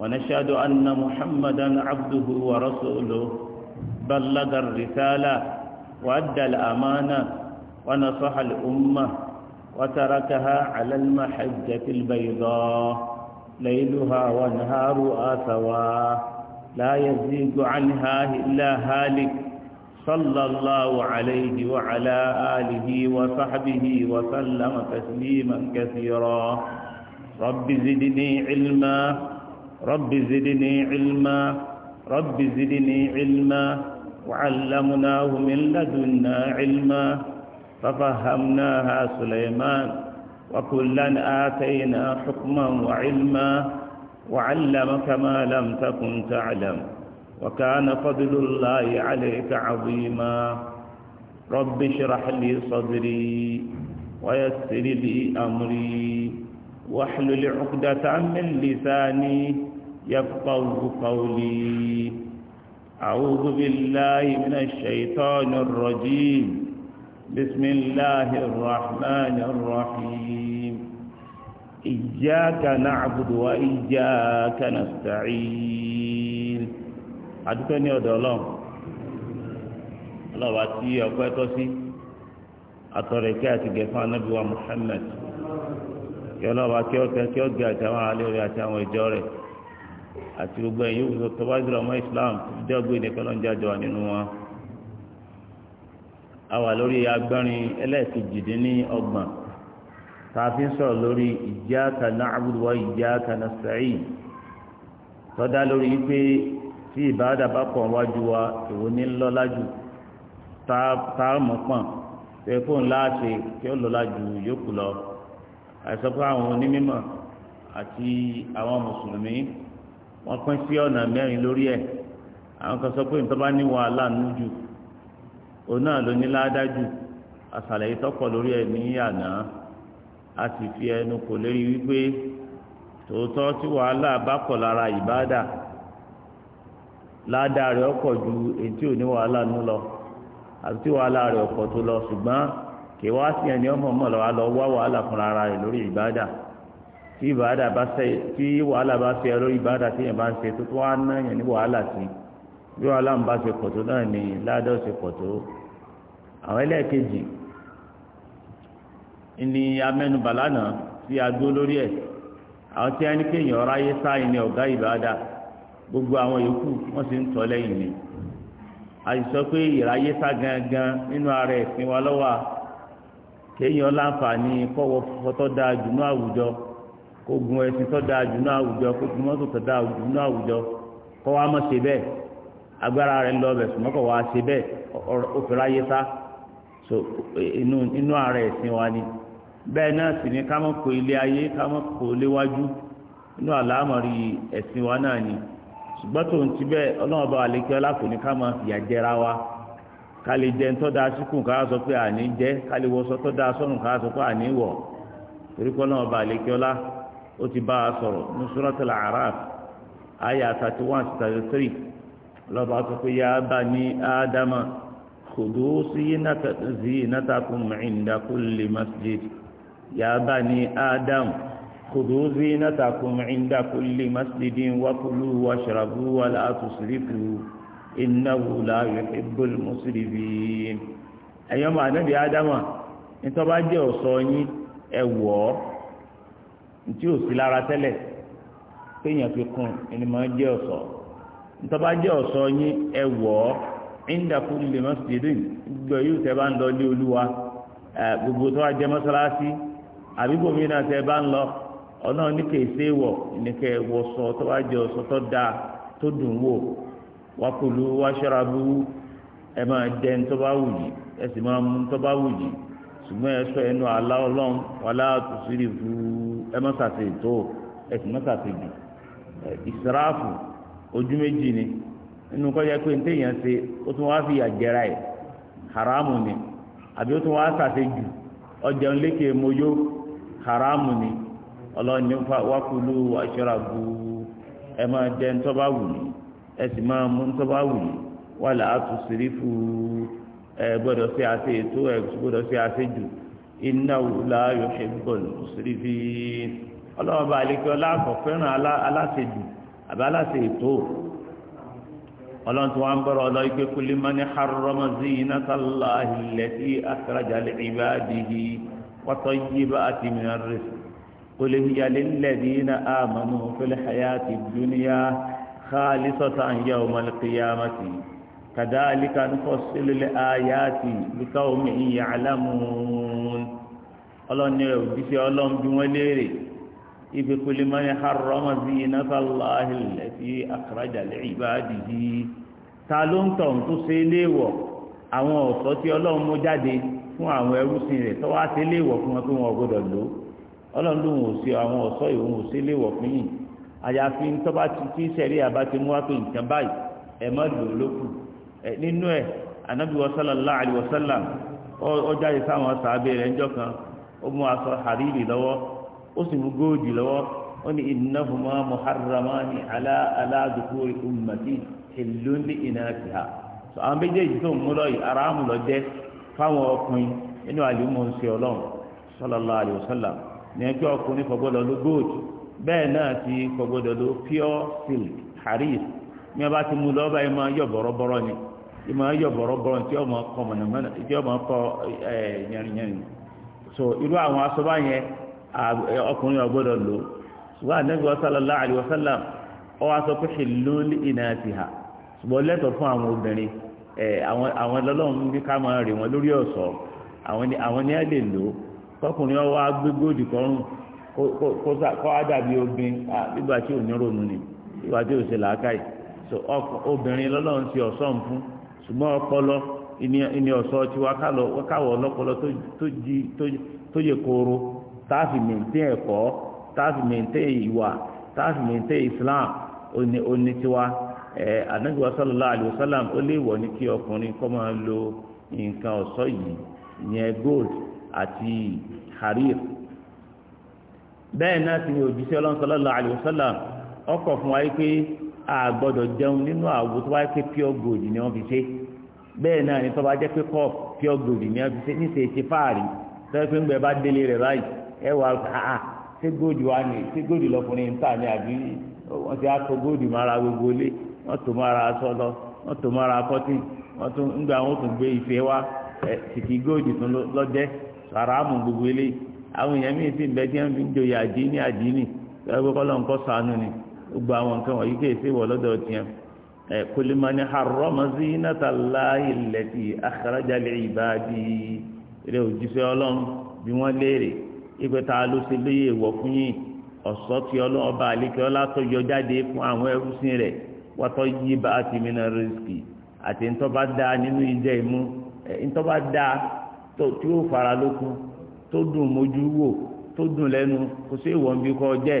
ونشهد أن محمدا عبده ورسوله بلغ الرسالة وأدى الأمانة ونصح الأمة وتركها على المحجة البيضاء ليلها ونهارها آثوا لا يزيد عنها إلا هالك صلى الله عليه وعلى آله وصحبه وسلم تسليما كثيرا رب زدني علما رب زدني علما رب زدني علما وعلمناه من لدنا علما ففهمناها سليمان وكلا آتينا حكما وعلما وعلمك ما لم تكن تعلم وكان فضل الله عليك عظيما رب اشرح لي صدري ويسر لي أمري واحلل عقدة من لساني يفقه قولي أعوذ بالله من الشيطان الرجيم بسم الله الرحمن الرحيم إياك نعبد وإياك نستعين أدوكني ọ̀dọ̀ Ọlọ́run Ọlọ́run àti ọpẹ́ tọ́ sí atọrẹkẹ àti gẹfọn anábíwá Muhammad yọlọba kí ọkẹ kí ọgẹ àti àwọn alẹ rẹ̀ àti àwọn ìjọ rẹ̀ àti gbogbo ẹ̀yìn yóò fi tọ́wá ìdúrà ọmọ Islam jẹ́ ọgbẹ́ ìdẹ́kọ́ lọ́n jájọ wà nínú wọn. a wà lórí agbárin ẹlẹ́ẹ̀kejìdínlọ́gbọ̀n tá a fi ń sọ̀rọ̀ lórí iyyaka na'budu wa iyyaka nasta'in tọ́dá lórí pé tí ìbáradà bá pọ̀ wájú wa èwo ní lọ́lá jù tá a mọ̀ pọ̀n pé kó ńlá ṣe kí ó lọ́lá jù yókù lọ àìsàn pé àwọn onímọ̀ àti àwọn mùsùlùmí wọ́n pín sí ọ̀nà mẹ́rin lórí ẹ̀ àwọn kan sọ pé nítorí bá ní wàhálà nújù òun náà ló ní ládájú àṣàlẹ̀ ìtọ́pọ̀ lórí ẹ̀ ní àná a sì fi ẹnu kò lérí wípé tòótọ́ tí wàhálà bá kọ̀ lára ìbádà ládàá rẹ̀ ọkọ̀ ju èyí tí ò ní wàhálà nù lọ àti tí wàhálà rẹ̀ ọkọ̀ tó lọ ṣùgbọ́n kèwá sí ẹni ọmọ ọmọ lọ́wọ́ lọ wá wàhálà fúnra rẹ̀ lórí ìbáàdà tí ìbáàdà bá ṣe tí wàhálà bá ṣe lórí ìbáàdà tí yẹn bá ń ṣe tó tó wá ná yẹn ní wàhálà sí bí wàhálà ń bá ṣe pọ̀ tó náà ní ládọ́ ṣe pọ̀ tó àwọn ẹlẹ́ẹ̀kejì ni amẹ́nubà lánàá tí a dúró lórí ẹ̀ àwọn tí a ní kéèyàn ọ̀rá yé sáyìn ní ọ̀gá ìbáàdà gbogbo àwọn yòókù wọ́n sì ń tọ́ lẹ́yìn ni a sì sọ pé ìráyé sá gangan nínú ara ẹ̀sìn wa lọ́wọ́ kéèyàn láǹfààní kọ́wọ́ fọ́tọ́ dáa jù ní àwùjọ ogun ẹ̀sìn tó dáa jù náà àwùjọ kó mọ́tò tó dáa jù náà àwùjọ kọ́ wa ṣe bẹ́ẹ̀ agbára rẹ̀ lọ bẹ̀ wa so inú inú ara ẹ̀sìn wa ni bẹ́ẹ̀ náà sì ni ká mọ̀ kó ilé ayé ká mọ̀ kó léwájú inú àlámọ̀rí ẹ̀sìn wa náà ni ṣùgbọ́n tó ń ti bẹ́ẹ̀ ọlọ́run ọlá wa ká lè jẹ ká lè sọ́run ká sọ pé ó ti bá a sọ̀rọ̀ ní suratul A'raf àyà thirty one to thirty three lọ́ba sọ pé yá bani ádámà khudhu zinatakum 'inda kulli masjid yá bani ádámà. خذوا زينتكم عند كل مسجد وكلوا واشربوا ولا تسرفوا إنه لا يحب المسرفين أيما نبي آدم أنت بعد يوصوني ẹwọ ntí a sí lára tẹ́lẹ̀ kéèyàn fi kún ẹni máa jẹ́ ọ̀ṣọ́ ntọ́ba jẹ́ ọ̀ṣọ́ yín ẹ wọ̀ ọ́ ìndàkú lè má sì gbogbo tó wá jẹ́ mọ́sálásí àbígbò mi náà tẹ́ bá ń lọ ọ̀nà oníkèésé wọ̀ jẹ́ tó dáa tó dùn wò bú ṣùgbọ́n ẹ sọ ẹnu àlá ọlọ́run wàlá tùsírì fú ẹ mọ́sàtì tó ẹ sì mọ́sàtì bì ìsirafu ojú méjì ni nínú kọjá pé ní téèyàn ṣe ó tún wáá fi àjẹrà ẹ haramu ni àbí ó tún wáá sàṣe jù ọjàun lékè mojó haramu ni ọlọ́run ní wákùlù washrabu ẹ máa jẹ ntọ́ba wù ní ẹ sì máa mú ntọ́ba wù ní wàlá tùsírì fú ẹ gbọ́dọ̀ ṣe àṣe ètò ẹ gbọ́dọ̀ ṣe àṣe jù iná wùlá yọ̀ṣẹ́ bọ̀lù sírí fi ọlọ́wọ́ bá alẹ́kẹ́ ọlá kọ̀ fẹ́ràn aláṣẹ jù àbí aláṣẹ ètò ọlọ́run tí wọ́n ń bọ̀rọ̀ ọlọ́ ike kulli man harrama zinatallahi allati akhraja li'ibadihi wa tayyibati mina rizq qul hiya lilladhina amanu fil hayati dunya khalisatan yawmal qiyamati. كذلك نفصل الآيات لقوم يعلمون ọlọ́run ní òjíṣẹ́ ọlọ́run bí wọ́n léèrè ibi kulli man harrama zinata Allahi allati akhraja li ibadihi ta ló ń tọ̀ tó ṣe léèwọ̀ àwọn ọ̀ṣọ́ tí ọlọ́run mú jáde fún àwọn ẹrúsìn rẹ̀ tó wá ṣe léèwọ̀ fún wọn pé wọn ò gbọdọ̀ lò ọlọ́run ló ń wò sí àwọn ọ̀ṣọ́ ìwọ̀n ò ṣe léèwọ̀ fún yìí àyàfi tó bá ti tí sẹ́rí ti mú wá pé nǹkan báyìí ẹ̀ mọ́ lò lókùn Eh, nínú ẹ̀ anabi sallallahu alaihi wasallam ó jáde sáwọn sàábẹ̀ rẹ̀ ńjọ́ kan ó mú aṣọ hariri lọ́wọ́ ó sì mú góòjì lọ́wọ́ ó ní innahuma muharramani ala ala dhukuri ummati hillun li inatiha so àwọn méjèèjì tó ń mú lọ yìí aráàmù lọ jẹ́ fáwọn ọkùnrin nínú àlùmọ̀ ṣe ọlọ́run sallallahu alaihi wasallam ní ẹjọ́ ọkùnrin kò gbọ́dọ̀ lo bẹ́ẹ̀ náà ti kò gbọ́dọ̀ pure silk haris ní ọba ti mú lọ́ọ́ báyìí máa yọ bọ̀rọ̀bọ̀rọ̀ ni ìmọ̀ ayọ̀ bọ̀rọ̀bọ̀rọ̀ tí ọmọ kọ mọ̀nàmọ́nà tí ọmọ kọ yẹrinyẹrin so irú àwọn asọ́bà yẹn ọkùnrin ọgbọ́dọ̀ lò ṣùgbọ́n anabi sallallahu alaihi wasallam ọ wá sọ pé ṣèlú iná ti hà ṣùgbọ́n lẹ́tọ̀ fún àwọn obìnrin àwọn lọ́lọ́run bí ká máa rè wọ́n lórí ọ̀ṣọ́ àwọn ni ẹ lè lò kọkùnrin ọwọ́ agbégbé òdì kọrùn kó ádàbí obìnrin nígbà tí ò ní ronú ni ìwà tí ò ṣe làákàyè obìnrin lọ́lọ́run ti ọ̀ṣọ́ fún ṣùgbọ́n ọpọlọ ìní ọ̀sọ́ ti wá káwọ̀ ọlọ́pọlọ tó yẹ kóró táàfì mẹ́ntẹ́ ẹ̀kọ́ táàfì mẹ́ntẹ́ ìwà táàfì mẹ́ntẹ́ Islam oní tiwa ẹ̀ anájú sallallahu alaihi ó lè wọ̀ ní kí ọkùnrin kọ́ máa lo nǹkan ọ̀sọ́ yìí ìyẹn gold àti harir bẹ́ẹ̀ náà ti ní òjíṣẹ́ ọlọ́run sallallahu ọkọ̀ fún wa yìí pé àgbọ́dọ̀ jẹun nínú àwo tó wáyé pure gold ni wọ́n fi ṣe bẹ́ẹ̀ ni tó bá jẹ́ pé pure gold ni wọ́n fi ṣe níṣẹ́ ṣe fáàrí tọ́jú pé ń gbẹ bá délé rẹ̀ báyìí ẹ wà ah, ah, ṣé gold wà ní ṣé gold lọkùnrin ń tà ní àbí wọ́n ti gold mára gbogbo lé wọ́n tó mára aṣọ lọ wọ́n tó mára kọ́tì gba ife wa ẹ̀ gold tún lọ́jẹ́ sàràmù gbogbo àwọn èèyàn gbogbo àwọn nǹkan wọ̀nyí kì í ṣe wọ̀ lọ́dọ̀ tiẹ̀ ẹ̀ kulimani harrama zinata Allahi allati akhraja li ibadi rẹ̀ òjíṣẹ́ ọlọ́run bí wọ́n léèrè ìgbẹ́ ta ló ṣe lóye ìwọ̀ fún yín ọ̀sọ́ tí ọba àlékè ọlá tó yọ jáde fún àwọn rẹ̀ wọ́tọ́ yí bá ti rìsíkì àti ntọ́ba da nínú ìjẹ́ ìmú fara lókun tó dùn mójú wò tó dùn lẹ́nu kò sí ìwọ̀n bí kò jẹ́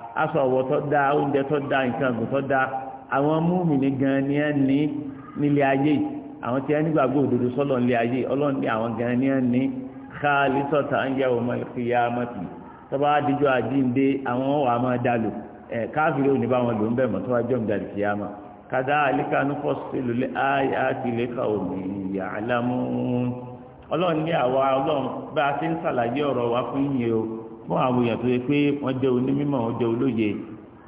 aṣọ ọ̀wọ́ tó dáa oúnjẹ tó dáa nǹkan ọ̀gbìn tó dáa àwọn múmìnì gan ni ẹ ní nílé ayé àwọn tí ẹ nígbàgbọ́ òdodo sọ́lọ̀ nílé ayé ọlọ́run ní àwọn gan ni ẹ ní káàlì sọ̀tà ń yẹ ọmọ ìfìyà mọ́tì tọ́ba adijọ́ àjíǹde àwọn wà máa dá lò ẹ̀ káàfìrí òní bá wọn lò ń bẹ̀ mọ́ tó wá jọ́ ìdàlù fìyà mọ́ kàdá àlíkà ní fọ́sílù ayé àti ìlẹ́kà òní ìyà alámú ọlọ́run ní àwa ọlọ́run bá a ti ń sàlàyé ọ̀rọ̀ wa fún yìnyín o fún àwọn èèyàn tó yẹ pé wọ́n jẹ́ onímọ̀ wọ́n jẹ́ olóye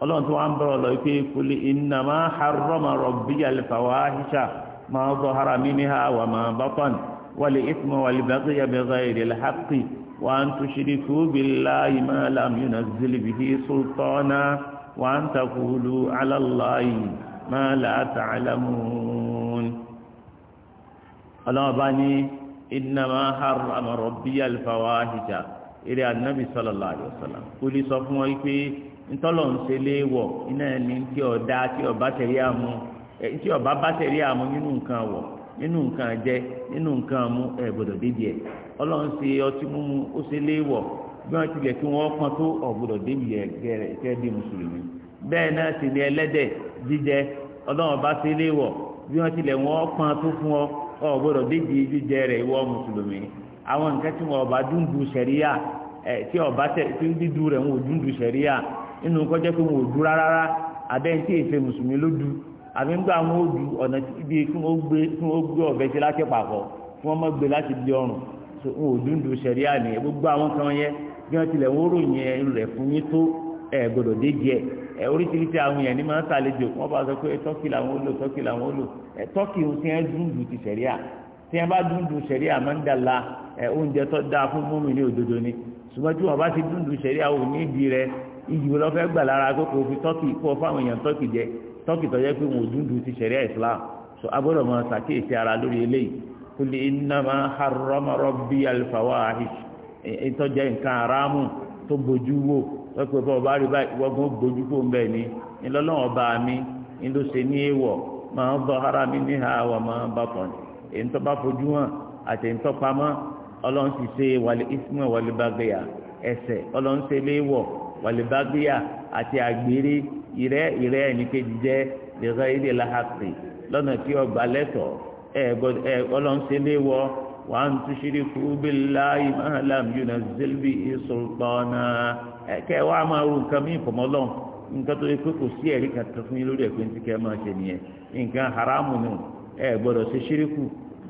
ọlọ́run tó wá ń bọ̀rọ̀ lọ pé qul innama harrama rabbiyal fawahisha ma zahara minha wa ma batan wal ithma wal baghya bighayril haqqi wa an tushriku billahi ma lam yunazzil bihi sultana wa an taqulu ala Allahi ma la ta'lamun ọlọ́run bá ní innama harrama rabbiyal fawahisha. ere anabi sọlọlọ alaihi wasallam sọ fún ọ pé ntọ́lọ̀ ń ṣe iná ẹni tí ọ̀dá tí ọba tẹ̀lé àmú tí ọba bá tẹ̀lé àmú nínú nǹkan wọ̀ nínú nǹkan jẹ nínú nǹkan mú ẹ̀ gbọ́dọ̀ débi ẹ̀ ọlọ́run ṣe ọtí mímu ó ṣe léèwọ̀ bí wọ́n tilẹ̀ kí wọ́n àwọn nǹkan tí wọn ọba dúndú sẹríà ẹ tí ọba tẹ tí dídú rẹ wọn ò dúndú sẹríà nínú kọjá pé wọn ò dú rárá abẹ́ ń tí èfè mùsùlùmí ló dú àbí ńgbà wọn ò dú ọ̀nà ibi kí wọ́n gbé kí wọ́n gbé ọ̀bẹ sí láti pàkọ́ kí wọ́n mọ́ gbé láti di ọrùn wọn ò dúndú sẹríà ni gbogbo àwọn kan yẹ bí wọ́n tilẹ̀ wọ́n ròyìn rẹ̀ fún yín tó ẹ̀ gbọ́dọ̀ dé díẹ̀ ẹ oríṣiríṣi àwọn èèyàn ní máa ń sàlejò wọn bá sọ pé tọ́kì làwọn ó lò tọ́kì làwọn ó lò tọ́kì ń sìn dúndú ti sẹ̀ríà tí wọn bá dúndùn sẹ̀rí àmọ́ńdàlá ẹ oúnjẹ tó dáa fún mọ́mí ní òdodo ni ṣùgbọ́n tí wọn bá ti dúndùn sẹ̀rí àwọn onídìí rẹ iyì wọn lọ́fẹ́ gbà lára pé fi tọ́kì kó o fáwọn èèyàn tọ́kì jẹ tọ́kì tọ́jẹ́ pé wọn ò dúndùn ti sẹ̀rí Islam so agbọ́dọ̀ mọ sàkíyèsí ara lórí eléyìí kuli innama harrama rabbi al-fawahish ìtọ́jẹ́ nǹkan aráàmù tó bójú wò wọ́pẹ́ bá ọba rí báyìí wọ́gbọ́n bójú kó ń bẹ̀ ni ńlọ́lọ́wọ́ bá mi èyí tó bá fojú hàn àti èyí tó pamọ́ ọlọ́run ti ṣe wàlẹ̀ ismail wàlẹ̀ bàgbéyà ẹsẹ̀ ọlọ́run ṣe léèwọ̀ wàlẹ̀ bàgbéyà àti àgbèrè ìrẹ́ ìrẹ́ ẹnìkejì jẹ́ lẹ́rọ ilé làhàpì lọ́nà tí ọgbà lẹ́tọ̀ ẹ ọlọ́run ṣe léèwọ̀ wà á ń tún ṣírí kú billahi ma lam yunazzil bihi sultana ẹ̀kẹ́ wa máa ro nǹkan mí ìfọ̀mọ́lọ́run nǹkan tó yẹ pé kò máa ṣe nǹkan haramu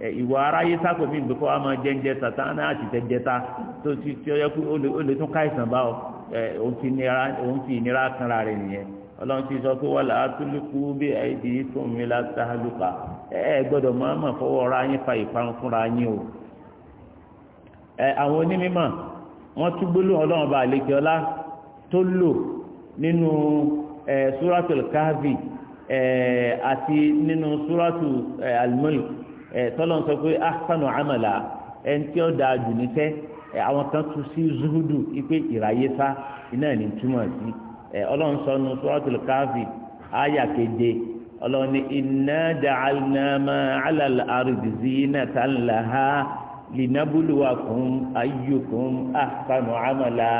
ìwà aráyé sáko mi gbé kó a máa jẹ́njẹ́ sàtánà àti tẹ́jẹ́ta tó ti tí ó yẹ kó o lè tún ká ìsàn bá ọ òun fi ìnira kanra rẹ̀ nìyẹn ọlọ́run ti sọ pé wàlà átúlùkù bí àìdí fún mi látàlùkà ẹ gbọ́dọ̀ máa mọ̀ fọwọ́ ra yín fa ìparun fúnra yín o àwọn onímọ̀ wọ́n tún gbólóhùn ọlọ́run bá àlejò ọlá tó lò nínú suratul kahfi àti nínú suratu al-mulk ẹ̀ tọ́lọ́ sọ pé ahsanu amala ẹ̀ ń tí ó dáa jù ní tẹ́ ẹ̀ àwọn kan tún sí zuhudu ipe ìráyé sá iná ní túmọ̀ sí ẹ̀ ọlọ́run sọ nu suratul káfí àyà keje ọlọ́run ní inna ja'alna ma 'ala al-ardi zinatan laha linabluwakum ayyukum ahsanu amala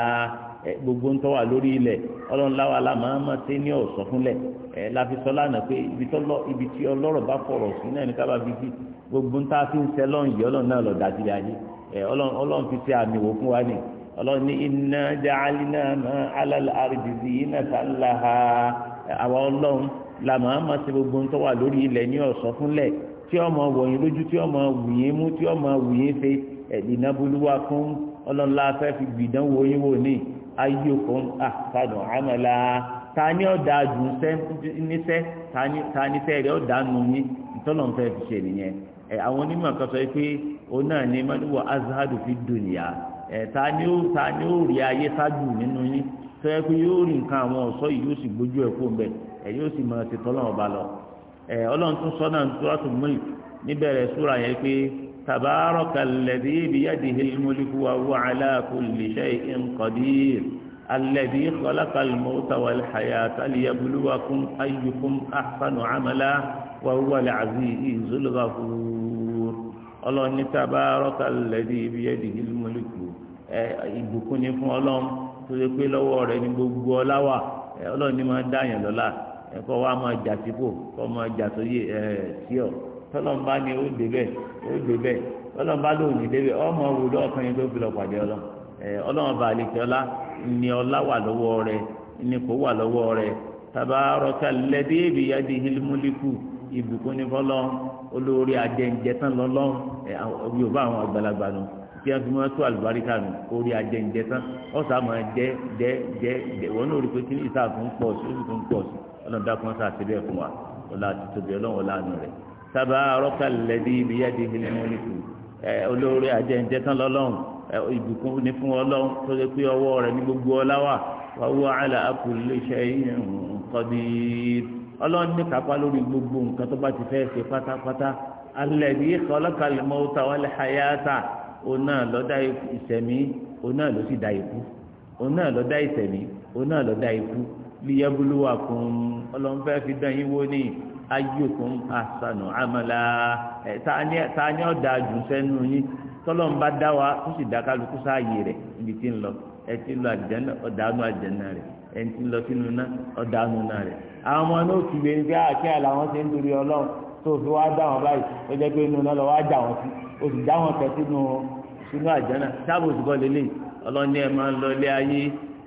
gbogbo ń tọ́wà lórí ilẹ̀ ọlọ́run láwa la máa ma ṣe ní ọ̀sọ́ fúnlẹ̀ ẹ láfi sọ lánàá pé ibi tí ọlọ́rọ̀ bá fọ̀rọ̀ sí náà ní kábà bíbí gbogbo ń tá a fi ń sẹ́ lọ́n yìí ọlọ́run náà lọ dájúlé ayé ẹ ọlọ́run fi ṣe àmì wò fún wa ni ọlọ́run ní inna ja'alna máa alal ardi zinatan laha àwa ọlọ́run la máa ma ṣe gbogbo ń tọ́wà lórí ilẹ̀ ní ọ̀sọ́ fúnlẹ̀ tí ọmọ wọ̀nyí lójú tí ọmọ wùyín mú tí ọmọ wùyín ṣe ẹ̀dínàbúlúwà fún ọlọ́run láfẹ́ fi gbìdánwò yín wò ní ayyukum ahsanu amala tani ọ̀dà ni níṣẹ́ tani fẹ́ rẹ̀ ọ̀dà nù yín ntọ́nà fẹ́ fi ṣe nìyẹn ẹ àwọn onímọ̀ kan so na ni azahadu fi dunya taa tani o tani ó rí ayé sáájú nínú yín sọ pé yóò rí nǹkan àwọn ọba lọ تبارك الذي بيده الملك وهو على كل شيء قدير الذي خلق الموت والحياة ليبلوكم أيكم أحسن عملا وهو العزيز الغفور الله تبارك الذي بيده الملك ìbùkún ni fún ọlọ́run tó lè pé lọ́wọ́ rẹ̀ ní gbogbo ọlá wà ọlọ́run máa dáyàn lọ́lá ẹ̀kọ́ wa máa jà sípò kọ́ máa jà sóyè ẹ̀ sí ọ̀ tọ́lọ́mbá ni ó bẹ́ẹ̀ ó débẹ̀ tọ́lọ́mbá ló ní débẹ̀ ọmọ wò lọ́kùnrin tó fi lọ pàdé ọlọ́ ni ọlá wà lọ́wọ́ rẹ ni kò wà lọ́wọ́ rẹ tabarọ́kà lẹ́dí fọlọ́ olórí lọ́lọ́ yorùbá àwọn àgbàlagbà nù kí wọ́n fi mọ́ tó àlùbáríkà nù orí ọ̀sà máa jẹ́ jẹ́ jẹ́ jẹ́ wọ́n pé ìsáàfún pọ̀ sí pọ̀ sí ọlọ́dà kan sáà síbẹ̀ fún wa tabaraka alladhi biyadihi al-mulku olórí àjẹjẹ tán lọ́lọ́run ìbùkún ní fún ọlọ́run tó lè pé ọwọ́ rẹ̀ ní gbogbo ọlá wà wa huwa ala kulli shay'in qadir ọlọ́run ní kápá lórí gbogbo nǹkan tó bá ti fẹ́ ṣe pátápátá alladhi khalaqa al-mawta wal-hayata òun náà ló dá ìṣẹ̀mí ló sì dá ikú òun náà ló dá ìṣẹ̀mí òun náà ló dá fẹ́ fi dán yín wò ní ayyukum ahsanu amala tani ọ da jù sẹ́nu yín tọ́lọ́ ń bá dá wa tó sì dá kálukú sáàyè rẹ̀ ibi tí ń lọ ẹ ti lọ àjẹnà ọ̀dàánú àjẹnà rẹ̀ ẹ ti lọ sínú ná ọ̀dàánú náà rẹ̀ àwọn ọmọ náà ti gbé nígbà àti ah, àlà wọn ti ń torí ọlọ́run tó fi wá dá wọn báyìí ó jẹ́ pé inú náà lọ wá dà wọn sí o sì dá wọn tẹ sínú sínú àjẹnà sábò sì bọ́ ọlọ́ni ẹ máa ń lọ ilé ayé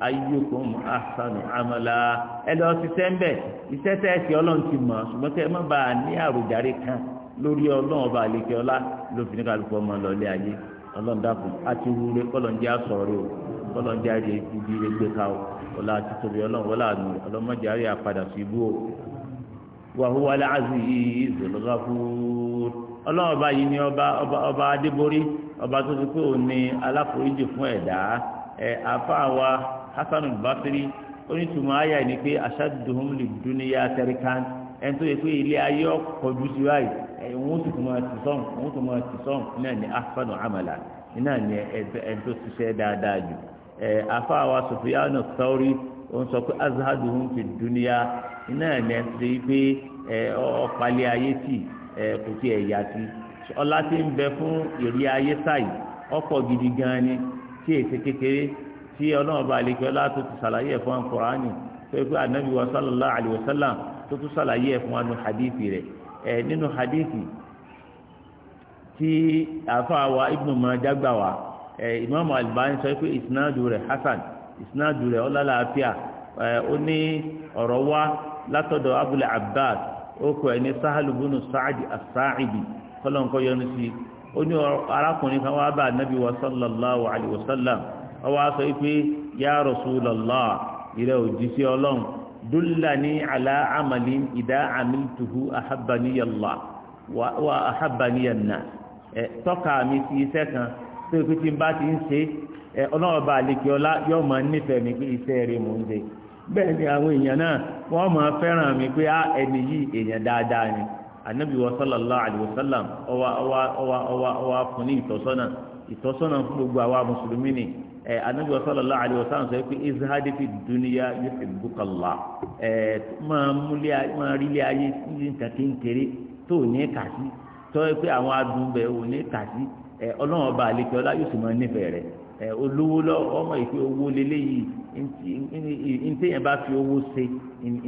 ayyukum ahsanu amala ẹ lọ ṣiṣẹ́ ń bẹ̀ iṣẹ́ tẹ́ ẹ̀sìn ọlọ́run ti mọ̀ ṣùgbọ́n kẹ́ ẹ má bàa ní àròjàre kan lórí ọlọ́run ọba àlekè ọlá ló fi ní kálukú ọmọ lọlé ayé ọlọ́run dàkún àti wúre kọ́lọ́njẹ́ àsọ̀rọ̀ o kọ́lọ́njẹ́ àrí ibi rẹ ká o ọlá àti tóbi ọlọ́run wọlé àánú ọlọ́mọdé àrí àpadà sí ibú o wàhùwà láàzì ìzòlọ́gàfúr ọlọ́run ọba yìí ni ọba ọba adébórí ọba tó ti pé òun ni aláforíjì fún ẹ̀dá ẹ̀ àfáà wa hasan al-basri onítùmọ̀ ayà ni pé aṣáàdùn lè dúníyà tẹ́ríkán ẹni tó yẹ pé ilé ayé ọkọ̀jú sí báyìí òun tó mọ̀ ti sọ̀n òun tó mọ̀ ti sọ̀n náà ni afanu amala náà ni ẹni tó ṣiṣẹ́ dáadáa jù afa wa sufiyanu sauri òun sọ pé aṣáàdùn fi dúníyà náà ni ẹni tó yẹ pé ọ̀pálẹ̀ ayé tì kò tí ẹ̀ yá ọlá ti ń bẹ fún ìrí ayé sáyì ọkọ̀ gidi gan ni tí èsì kékeré tí ọlọ́run bá àlejò ọlá tó ti ṣàlàyé ẹ̀ fún wa kùránì tó yẹ pé anabi wa sallallahu alayhi wa sallam tó tún ṣàlàyé ẹ̀ fún wa nù hadithi rẹ̀ ẹ̀ nínú hadithi tí àfa wa ibnu Majah gbà wá ẹ̀ imaamu Albani sọ pé isnadu rẹ̀ hasan isnadu rẹ̀ ọlọ́láàfíà ẹ̀ ó ní ọ̀rọ̀ wá látọ̀dọ̀ abul abbas ó kọ ẹni sahalu bunu sa'adi as kọ́lọ́nkọ́ yọnu sí i ó ní arákùnrin kan wá bá anabi wa sallallahu alayhi ọwọ́ aṣọ ipe ya Rasulullah ìrẹ́ òjíṣẹ́ ọlọ́run dullani ala amalin idha amiltuhu ahabbaniyallah wa ahabbaniyanna ẹ tọ́ka mi sí iṣẹ́ kan tó ipe tí n bá ti ń ṣe ẹ ọlọ́run bá àlekè ọlá yóò máa nífẹ̀ẹ́ mi pé iṣẹ́ rẹ̀ mò ń ṣe bẹ́ẹ̀ ni àwọn èèyàn náà wọ́n máa fẹ́ràn mi pé á ah, ẹni yìí èèyàn dáadáa ni anabi wa sallallahu alayhi wa sallam ọwa ọwa ọwa ọwa fún ní ìtọ́sọ́nà ìtọ́sọ́nà fún gbogbo àwa mùsùlùmí ni ẹ anabi wa sallallahu alayhi wa sallam sọ pé izhadi fi dunya yuhibbuka Allah ẹ máa múlẹ máa rílẹ ayé ní nǹkan kékeré tó ní kàsí tó yẹ pé àwọn adùn bẹ ò ní kàsí ẹ ọlọ́run ọba àlekè ọlá yóò sì máa nífẹ̀ẹ́ rẹ ẹ olówó lọ ọmọ yìí pé owó lélẹ́yìí ntẹ̀yìn bá fi owó ṣe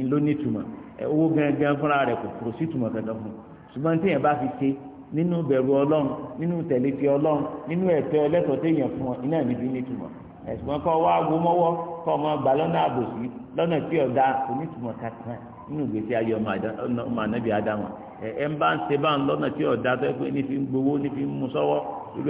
ńlọ́nìtumọ̀ ẹ owó gangan fúnra rẹ kò kò sí tumọ̀ kankan fún ṣùgbọ́n ntẹ̀yìn bá fi ṣe nínú bẹ̀rù ọlọ́run nínú tẹ̀lé ọlọ́run nínú ẹ̀tọ́ ẹlẹ́tọ̀ọ́ téèyàn fún ọ iná níbi nítumọ̀ ẹ̀sùn kọ́ wá wo mọ́wọ́ kọ́ ọmọ gbà lọ́nà àbòsí lọ́nà tí ọ̀dà onítumọ̀ kankan nínú ìgbésí ayé ọmọ ànábì ádámù ẹ ń bá ń ṣe bá lọ́nà tí ọ̀dà tó pé ní ń gbowó ń mú sọ́wọ́ irú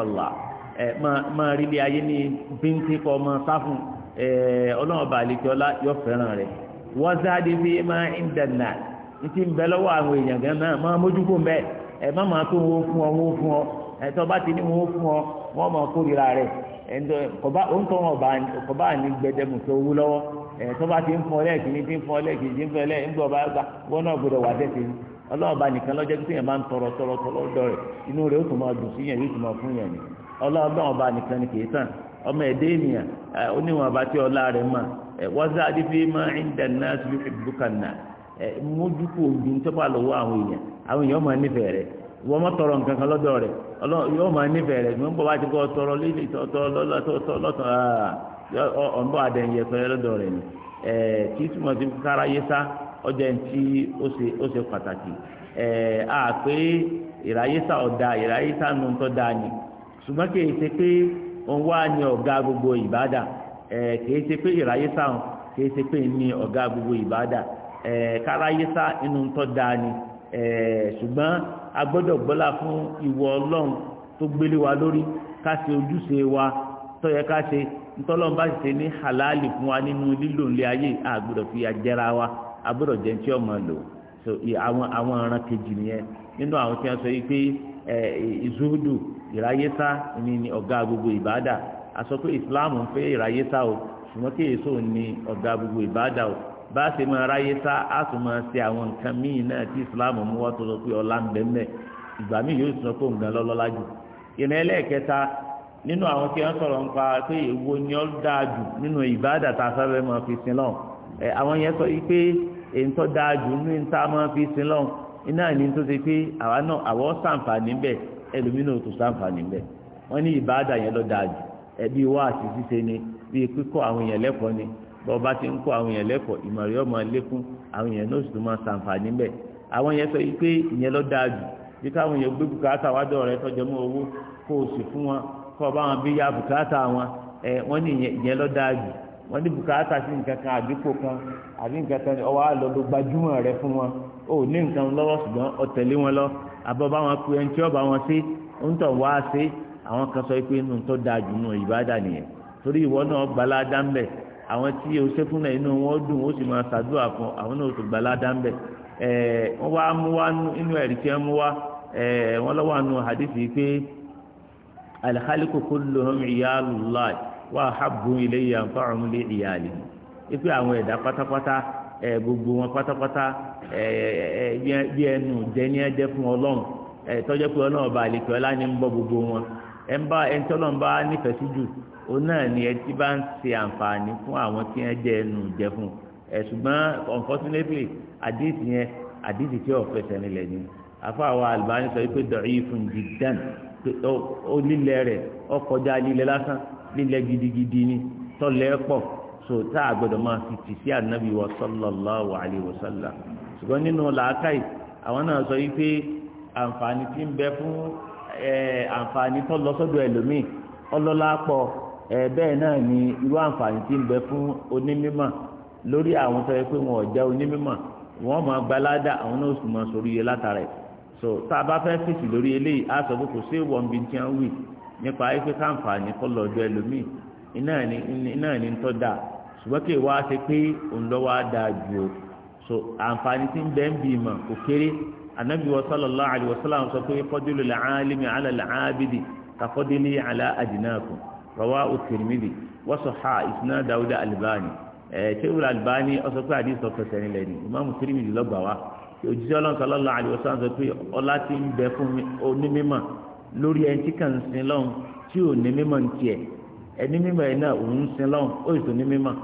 ẹni ma rí ilé ayé ní bíntín kọ́ ọmọ sáfún yọ fẹ́ràn rẹ̀ wọ́n sáájú fi máa ń dẹ̀nà ti ń bẹ lọ́wọ́ àwọn èèyàn gan náà máa mójú kó ẹ má máa tó wọn fún ọ wọn fún ọ ẹtọ́ bá ti ní wọn fún ọ wọn máa kọba òǹtọ́ ní lọ́wọ́ bá ti ń fún ọ ti ń fún ọ ti ń fún ọ ọlọ́ọ̀lọ́ ọba nìkan ni kìí tàn ọmọ ẹ̀dẹ́ ènìyàn oníwọ̀n ọba tí ọlá rẹ̀ mọ̀ wọ́n fi máa ń síbi ìbùkànnà mójúkú tó bá lọ́wọ́ àwọn èèyàn àwọn èèyàn máa nífẹ̀ẹ́ rẹ̀ wọ́n tọrọ nǹkan kan lọ́dọ̀ rẹ̀ yóò máa nífẹ̀ẹ́ rẹ̀ bọ́ bá ti kọ́ tọrọ lílì ṣùgbọ́n kì í ṣe pé òun wá ní ọ̀gá gbogbo ibada ẹ̀ kì í ṣe pé ìráyé sáwọn kì í ṣe pé ní ọ̀gá gbogbo ibada ẹ̀ káráyé sá inú tọ́ da ni ẹ̀ ṣùgbọ́n a gbọ́dọ̀ gbọ́lá fún ìwọ ọlọ́run wa lórí ká ṣe ojúṣe wa tó yẹ ká ṣe halali fún wa nínú lílo ilé ayé a fi ajẹ́ra wa a gbọ́dọ̀ jẹ́ tí ọmọ lò so àwọn àwọn ọ̀ràn kejì nìyẹn nínú àwọn tí wọ́n ìzúdù ìráyésá ni ọ̀gá gbogbo ìbáàdà a sọ pé ìsìláàmù ń fẹ́ ìráyésá o ṣùgbọ́n kí èso ni ọ̀gá gbogbo ìbáàdà o bá a ṣe máa ráyésá a tún máa ṣe àwọn nǹkan míì náà tí ìsìláàmù mú wá tó sọ pé ọlá ń bẹ́ẹ̀ ìgbà míì yóò sọ pé òun gan lọ́lọ́lá jù ìrìn ẹlẹ́ẹ̀kẹta nínú àwọn tí wọ́n sọ̀rọ̀ nípa pé èwo ni ó dáa jù nínú ìbáàdà tá a sábẹ́ máa fi sin lọ́hùn àwọn yẹn sọ pé èyí tó dáa jù nínú ìta máa fi sin lọ́hùn iná ní tó ṣe pé àwa náà àwọ̀ sàǹfààní bẹ̀ ẹlòmínà ò tó sàǹfààní bẹ̀ wọ́n ní ìbáàdà yẹn lọ dáa ẹbí wá àti ṣíṣe ni bíi kíkọ́ àwọn èèyàn lẹ́kọ̀ọ́ ni bọ́ọ̀ bá ti ń kọ́ àwọn èèyàn lẹ́kọ̀ọ́ ìmọ̀rẹ́ ọmọ lékún àwọn èèyàn náà sì tún máa sàǹfààní bẹ̀ àwọn yẹn sọ pé ìyẹn lọ dáa bí káwọn èèyàn gbé bùkátà wá dọ̀ rẹ tọ́jọ́ mọ́ owó kó o sì fún wọn kó bá wọn lọ wọ́n ní bùkátà sí nǹkan kan àdúgbò kan àbí nǹkan kan ọwọ́ àlọ́dọ̀ gbajúmọ̀ rẹ fún wọn ò ní nǹkan lọ́wọ́ ṣùgbọ́n ọ̀tẹ̀lé wọn lọ àbọ̀ bá wọn pe ẹni ọba wọn sí ń wá sí àwọn kan sọ pé inú tó dáa jù ìbádà nìyẹn torí ìwọ náà gbalada ń bẹ àwọn tí o ṣe fún náà inú wọn dùn ó sì máa ṣàdúrà fún àwọn náà tó gbalada ń bẹ ẹ wọn wá mú wá inú ẹ̀rí tí wọn mú wá ẹ wọn lọ́wọ́ àánú hadisi pé al khaliqu kulluhum iyalullah wà áhábù ilé yìí àǹfà ọ̀run lé ìyáàlì ipe àwọn ẹ̀dá pátápátá ẹ̀ gbogbo wọn pátápátá ẹ̀ bí ẹnu jẹ́ni ẹ̀jẹ̀ fún ọlọ́run ẹ̀ tọ́jọ́ pé ọlọ́run ọba àlèkè ọlá ni ń bọ́ gbogbo wọn ẹ̀ ń bá ẹ̀ ń tọ́lọ́run bá nífẹ̀ẹ́ sí jù òun náà ni ẹ ti bá ń ṣe àǹfààní fún àwọn tí wọ́n jẹ́ ẹnu jẹ fún ẹ̀ lílẹ̀ gidigidi ni tọ́lẹ̀ pọ̀ so tá a gbọ́dọ̀ máa fi tì sí ànábì wa sallallahu alayhi wa sallam ṣùgbọ́n nínú làákàyè àwọn náà sọ yìí pé àǹfààní tí ń bẹ fún àǹfààní tó lọ sọ́dọ̀ ẹlòmíì ọlọ́lá pọ̀ bẹ́ẹ̀ náà ni irú àǹfààní tí ń bẹ fún onímímọ̀ lórí àwọn tó yẹ pé wọn ò jẹ́ onímímọ̀ wọ́n máa gbalada àwọn náà sì máa sọ orí yẹ látara ẹ̀ so tá a bá fẹ́ fèsì lórí eléyìí á sọ pé kò sí ìwọ̀nbi tí wọ́n wì nípa ayé pé káǹfààní kọ́ lọ́dọ̀ ẹlòmíì iná ní ń tọ́ da ṣùgbọ́n kí ìwà ṣe pé òun lọ́wọ́ á dáa ju o so àǹfààní tí ń bẹ́ẹ̀ ń bì mọ̀ kò kéré anabi wa sallallahu alayhi wa sallam sọ pé fọdúlù làálimi ala làábìdì kàfọdúlì ala àdìnàkùn rọwá òtìrìmìdì wọ́sọ̀ ha ìsúná dáwúdà alìbáni ẹ̀ ṣé wúlò ọ̀sọ̀ pé àdìs ọ̀kọ̀ sẹ́ni lẹ́ni ìmáàmù tìrìmìdì lọ́gbà wa òjíṣẹ́ ọlọ́run sallallahu alayhi wa sallam sọ pé ọlá ti ń bẹ fún onímọ̀ lórí ẹni tí kàn ń sin lọ́hùn tí ò ní mímọ̀ ní tiẹ̀ ẹni mímọ̀ yẹn náà òun ń sin lọ́hùn ó sì tó ní mímọ̀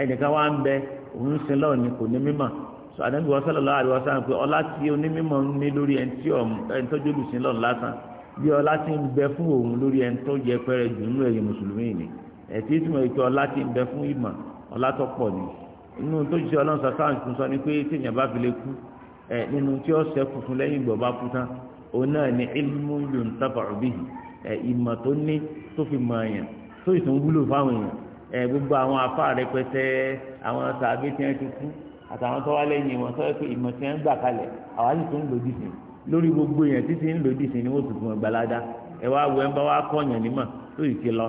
ẹnìkan wá ń bẹ òun ń sin lọ́hùn ni kò ní mímọ̀ sọ àdébí wọn sọlọ lọ́wọ́ àríwá sáà pé ọlá tí onímọ̀ ń ní lórí ẹni tí ẹni tọ́jú olùsìn lọ́hùn lásán bí ọlá ti ń bẹ fún òun lórí ẹni tó jẹ pẹrẹ jù nínú ẹ̀yìn mùsùlùmí ni ẹ̀ tí òun náà ni ilmu yòó ń tàbà òbí ẹ ìmọ̀ tó ní tó fi mọ̀ èèyàn tó sì tún wúlò fáwọn èèyàn ẹ gbogbo àwọn afá rẹpẹtẹ àwọn sàbẹ tí wọn ti kú àtàwọn tó wá lẹ́yìn wọn sọ pé ìmọ̀ tí wọn gbà kalẹ̀ àwa sì tún lòdì sí lórí gbogbo èèyàn títí ń lòdì sí ni wọn tuntun wọn gbalada ẹ wá wọ ẹ ń bá wá kọ ọyàn nímọ̀ tó sì ti lọ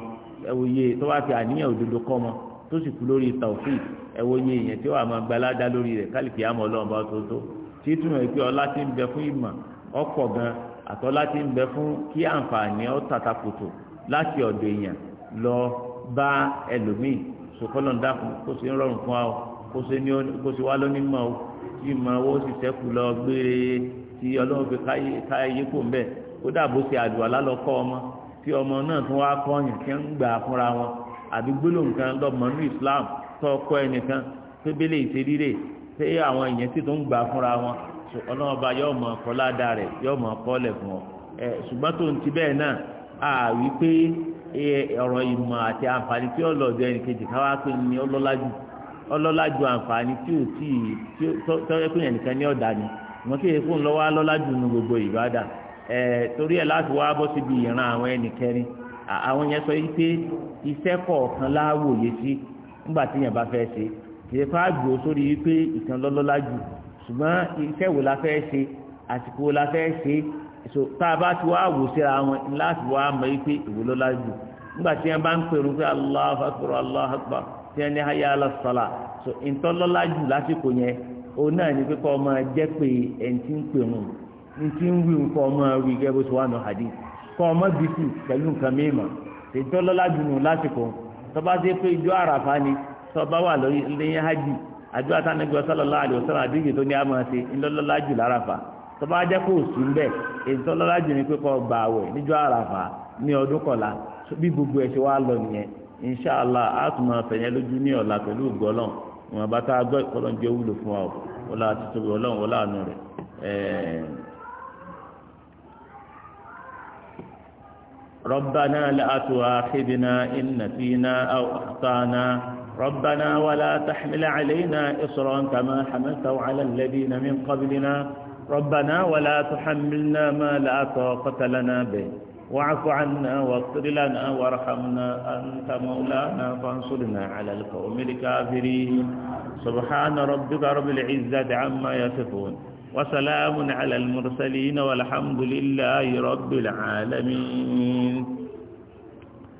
ẹ wò iye tó wá fi àníyàn òdodo kọ ọmọ tó sì kú lórí tàwùfì ẹ wò iye èèyàn tí wọn àmọ́ gbalada lórí rẹ kálífì àmọ́ Ọlọ́run bá tó tó tí túmọ̀ ọlá ti ń bẹ fún ìmọ̀ ọ̀pọ̀ gan àtọ́lá ti ń bẹ fún kí àǹfààní ó tàtàkùtù láti ọ̀dọ̀ èèyàn lọ bá ẹlòmíì sòkòlò ń dákun kó ṣe ń rọrùn fún wa o kó ṣe ní kó ṣe wá lónìí mọ́ o tí mọ́ owó sì sẹ́kù lọ gbére tí ọlọ́run fi ká ẹyẹ ń bẹ̀ kó dàbò ṣe àdùá lálọ́kọ́ ọmọ tí ọmọ náà tún wá kọ́ ọ̀yàn kí ń gbà fúnra wọn àbí gbólóhùn kan ní Islam tó kọ́ ẹnìkan pé bẹ́lẹ̀ ìṣeré rè pé àwọn èèyàn sì tún gbà fúnra wọn ọlọ́ọ̀ba yóò mọ̀ ọkọ ládàá rẹ̀ yóò mọ̀ ọkọ lẹ̀ fún ọ ẹ ṣùgbọ́n tó ń ti bẹ́ẹ̀ náà a wí ọ̀rọ̀ ìmọ̀ àti àǹfààní tí ọlọ́ọ̀dọ̀ ẹnì kejì káwá pé ní ọlọ́lájú ọlọ́lájú àǹfààní tí ò tí ì ọ̀dà ni wọ́n kéde fún lọ́wọ́ alọ́lájú nu gbogbo ṣùgbọ́n iṣẹ́ wo la fẹ́ ṣe àsìkò wo la fẹ́ ṣe so tá a bá ti wá wò síra wọn láti wá mọ̀ wípé ìwò ló lájú nígbà tí wọ́n bá ń pèrò pé Allahu Akbar Allahu Akbar tí wọ́n ní hayya ala salat so ìtọ́lọ́lájú lásìkò yẹn òun náà ní pé kọ́ ọmọ jẹ́ pé ẹni tí ń pèrò ní ti ń wí nǹkan ọmọ rí gẹ́gẹ́ bó ṣe wà nù hadith kọ́ ọmọ bìtì pẹ̀lú nǹkan mímọ́ ìtọ́lọ́lájú nù lásìkò tọ́ba ṣe pé ijó àràfá ni tọ́ba wà lórí lẹ́yìn hajj àjọ ta sallallahu alaihi wasallam tó ní àmọ́ ṣe ńlọ́lọ́lá jù láràfà tó bá jẹ́ kó o sùn bẹ́ẹ̀ èyí tó lọ́lá jù ní pé kó gba àwẹ̀ níjọ́ àràfà ní ọdún bí gbogbo ẹ̀ ṣe wá lọ nìyẹn inṣàlá a fẹ̀yẹ́ lójú ní ọ̀la pẹ̀lú bá tá a gbọ́ wúlò fún wa tóbi ọlọ́run àánú rẹ̀ ربنا ولا تحمل علينا إصرا كما حملته على الذين من قبلنا ربنا ولا تحملنا ما لا طاقة لنا به واعف عنا واغفر لنا وارحمنا أنت مولانا فانصرنا على القوم الكافرين سبحان ربك رب العزة عما يصفون وسلام على المرسلين والحمد لله رب العالمين